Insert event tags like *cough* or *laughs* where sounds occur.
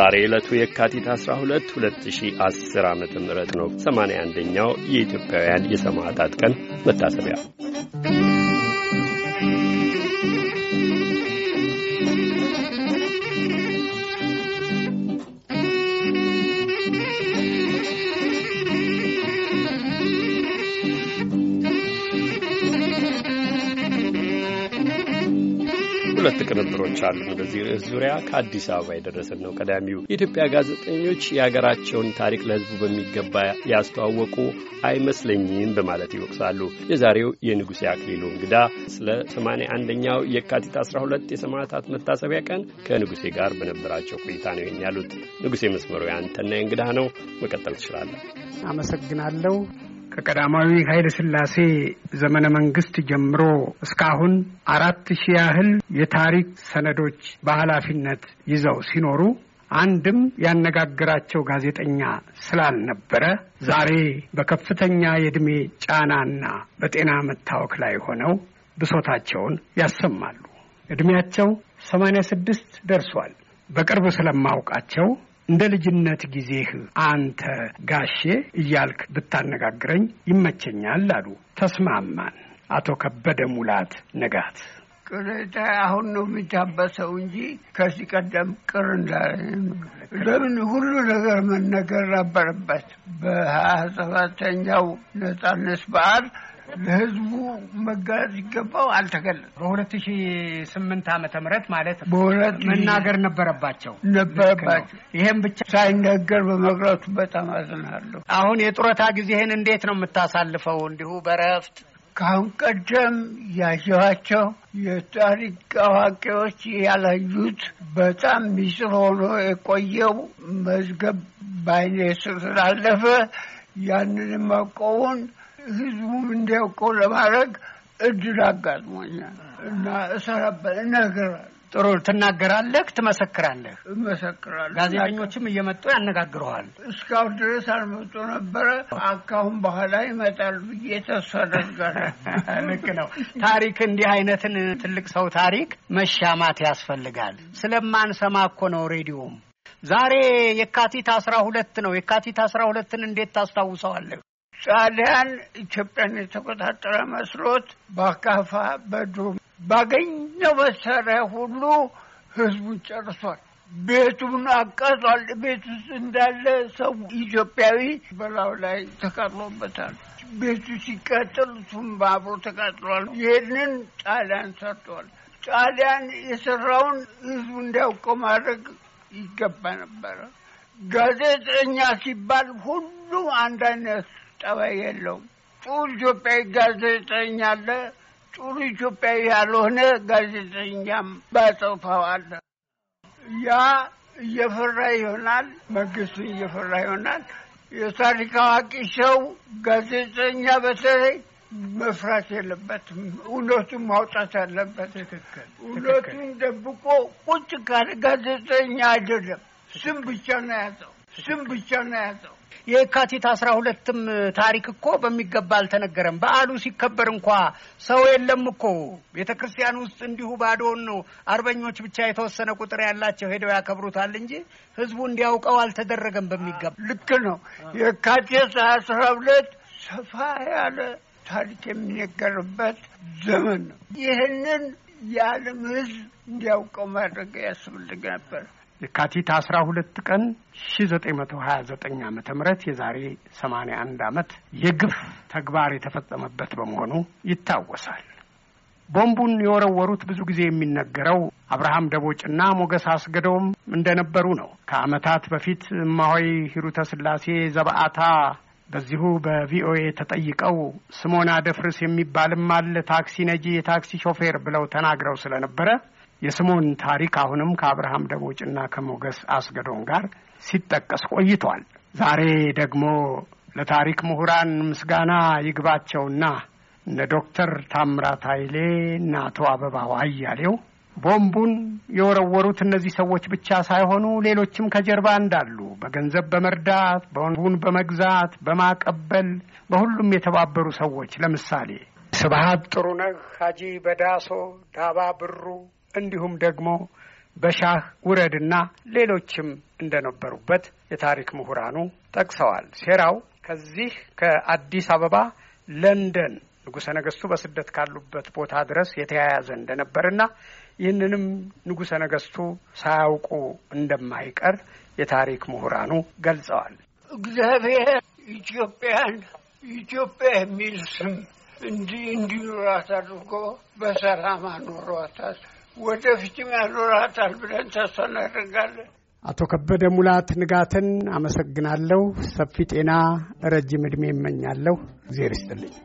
ዛሬ ዕለቱ የካቲት 12 2010 ዓ ም ነው 81ኛው የኢትዮጵያውያን የሰማዕታት ቀን መታሰቢያ ሁለት ቅንብሮች አሉ። በዚህ ርዕስ ዙሪያ ከአዲስ አበባ የደረሰን ነው። ቀዳሚው የኢትዮጵያ ጋዜጠኞች የሀገራቸውን ታሪክ ለሕዝቡ በሚገባ ያስተዋወቁ አይመስለኝም በማለት ይወቅሳሉ። የዛሬው የንጉሴ አክሊሉ እንግዳ ስለ 81ኛው የካቲት 12 የሰማዕታት መታሰቢያ ቀን ከንጉሴ ጋር በነበራቸው ቆይታ ነው ይህን ያሉት። ንጉሴ መስመሩ ያንተና የእንግዳ ነው። መቀጠል ትችላለን። አመሰግናለሁ። ከቀዳማዊ ኃይለ ሥላሴ ዘመነ መንግስት ጀምሮ እስካሁን አራት ሺህ ያህል የታሪክ ሰነዶች በኃላፊነት ይዘው ሲኖሩ አንድም ያነጋግራቸው ጋዜጠኛ ስላልነበረ ዛሬ በከፍተኛ የዕድሜ ጫናና በጤና መታወክ ላይ ሆነው ብሶታቸውን ያሰማሉ። ዕድሜያቸው ሰማንያ ስድስት ደርሷል። በቅርብ ስለማውቃቸው እንደ ልጅነት ጊዜህ አንተ ጋሼ እያልክ ብታነጋግረኝ ይመቸኛል አሉ። ተስማማን። አቶ ከበደ ሙላት ነጋት ቅሬታ አሁን ነው የሚታበሰው እንጂ ከዚህ ቀደም ቅር እንዳለ ለምን ሁሉ ነገር መነገር ነበረበት። በሀያ ሰባተኛው ነጻነት በዓል ለህዝቡ መጋለጥ ሲገባው አልተገለጠም። በሁለት ሺ ስምንት ዓመተ ምህረት ማለት በሁለት መናገር ነበረባቸው ነበረባቸው። ይሄም ብቻ ሳይነገር በመቅረቱ በጣም አዝናለሁ። አሁን የጡረታ ጊዜህን እንዴት ነው የምታሳልፈው? እንዲሁ በረፍት ካሁን ቀደም ያየኋቸው የታሪክ አዋቂዎች ያላዩት በጣም ሚስር ሆኖ የቆየው መዝገብ በዓይኔ ስር ስላለፈ ያንን መቆውን ህዝቡም እንዲያውቀው ለማድረግ እድል አጋጥሞኛል እና እሰራበት እነግራለሁ። ጥሩ ትናገራለህ፣ ትመሰክራለህ። እመሰክራለሁ። ጋዜጠኞችም እየመጡ ያነጋግረዋል። እስካሁን ድረስ አልመጡ ነበረ። አካሁን በኋላ ይመጣል ብዬ ተስፋ ነገር። *laughs* ልክ ነው። ታሪክ እንዲህ አይነትን ትልቅ ሰው ታሪክ መሻማት ያስፈልጋል። ስለማንሰማ እኮ ነው ሬዲዮም ዛሬ የካቲት አስራ ሁለት ነው። የካቲት አስራ ሁለትን እንዴት ታስታውሰዋለህ? ጣሊያን ኢትዮጵያን የተቆጣጠረ መስሎት በአካፋ በዱም ባገኘው መሳሪያ ሁሉ ህዝቡን ጨርሷል። ቤቱን አቃጥሏል። ቤት ውስጥ እንዳለ ሰው ኢትዮጵያዊ በላዩ ላይ ተቃጥሎበታል። ቤቱ ሲቃጠል እሱም አብሮ ተቃጥሏል። ይህንን ጣሊያን ሰርቷል። ጣሊያን የሰራውን ህዝቡ እንዲያውቀው ማድረግ ይገባ ነበረ። ጋዜጠኛ ሲባል ሁሉ አንድ አይነት ጠባይ የለውም። ጥሩ ኢትዮጵያዊ ጋዜጠኛ አለ፣ ጥሩ ኢትዮጵያዊ ያልሆነ ጋዜጠኛም ባጠፋው አለ። ያ እየፈራ ይሆናል፣ መንግስቱን እየፈራ ይሆናል። የታሪክ አዋቂ ሰው ጋዜጠኛ በተለይ መፍራት የለበትም። እውነቱን ማውጣት አለበት። ትክክል። እውነቱን ደብቆ ቁጭ ካለ ጋዜጠኛ አይደለም። ስም ብቻ ነው ያዘው፣ ስም ብቻ ነው ያዘው። የካቲት አስራ ሁለትም ታሪክ እኮ በሚገባ አልተነገረም። በዓሉ ሲከበር እንኳ ሰው የለም እኮ ቤተ ክርስቲያን ውስጥ እንዲሁ ባዶውን ነው። አርበኞች ብቻ የተወሰነ ቁጥር ያላቸው ሄደው ያከብሩታል እንጂ ህዝቡ እንዲያውቀው አልተደረገም በሚገባ። ልክ ነው። የካቲት አስራ ሁለት ሰፋ ያለ ታሪክ የሚነገርበት ዘመን ነው። ይህንን የዓለም ህዝብ እንዲያውቀው ማድረግ ያስፈልግ ነበር። የካቲት 12 ቀን 1929 ዓ ም የዛሬ 81 ዓመት የግፍ ተግባር የተፈጸመበት በመሆኑ ይታወሳል። ቦምቡን የወረወሩት ብዙ ጊዜ የሚነገረው አብርሃም ደቦጭና ሞገስ አስገዶም እንደነበሩ ነው። ከዓመታት በፊት እማሆይ ሂሩተ ስላሴ ዘበአታ በዚሁ በቪኦኤ ተጠይቀው ስሞና ደፍርስ የሚባልም አለ ታክሲ ነጂ የታክሲ ሾፌር ብለው ተናግረው ስለነበረ የስምዖን ታሪክ አሁንም ከአብርሃም ደቦጭና ከሞገስ አስገዶን ጋር ሲጠቀስ ቆይቷል። ዛሬ ደግሞ ለታሪክ ምሁራን ምስጋና ይግባቸውና እነ ዶክተር ታምራት ኃይሌ እና አቶ አበባው አያሌው ቦምቡን የወረወሩት እነዚህ ሰዎች ብቻ ሳይሆኑ ሌሎችም ከጀርባ እንዳሉ በገንዘብ በመርዳት ቦምቡን በመግዛት በማቀበል በሁሉም የተባበሩ ሰዎች ለምሳሌ ስብሀት ጥሩነህ፣ ሀጂ በዳሶ፣ ዳባ ብሩ እንዲሁም ደግሞ በሻህ ውረድና ሌሎችም እንደነበሩበት የታሪክ ምሁራኑ ጠቅሰዋል። ሴራው ከዚህ ከአዲስ አበባ ለንደን ንጉሠ ነገሥቱ በስደት ካሉበት ቦታ ድረስ የተያያዘ እንደነበርና ይህንንም ንጉሠ ነገሥቱ ሳያውቁ እንደማይቀር የታሪክ ምሁራኑ ገልጸዋል። እግዚአብሔር ኢትዮጵያን ኢትዮጵያ የሚል ስም እንዲህ እንዲኖራት አድርጎ በሰላም አኖሯታል። ወደፊትም ያኖራታል ብለን ተስፋ እናደርጋለን። አቶ ከበደ ሙላት ንጋትን አመሰግናለሁ። ሰፊ ጤና፣ ረጅም ዕድሜ ይመኛለሁ። እግዜር ይስጥልኝ።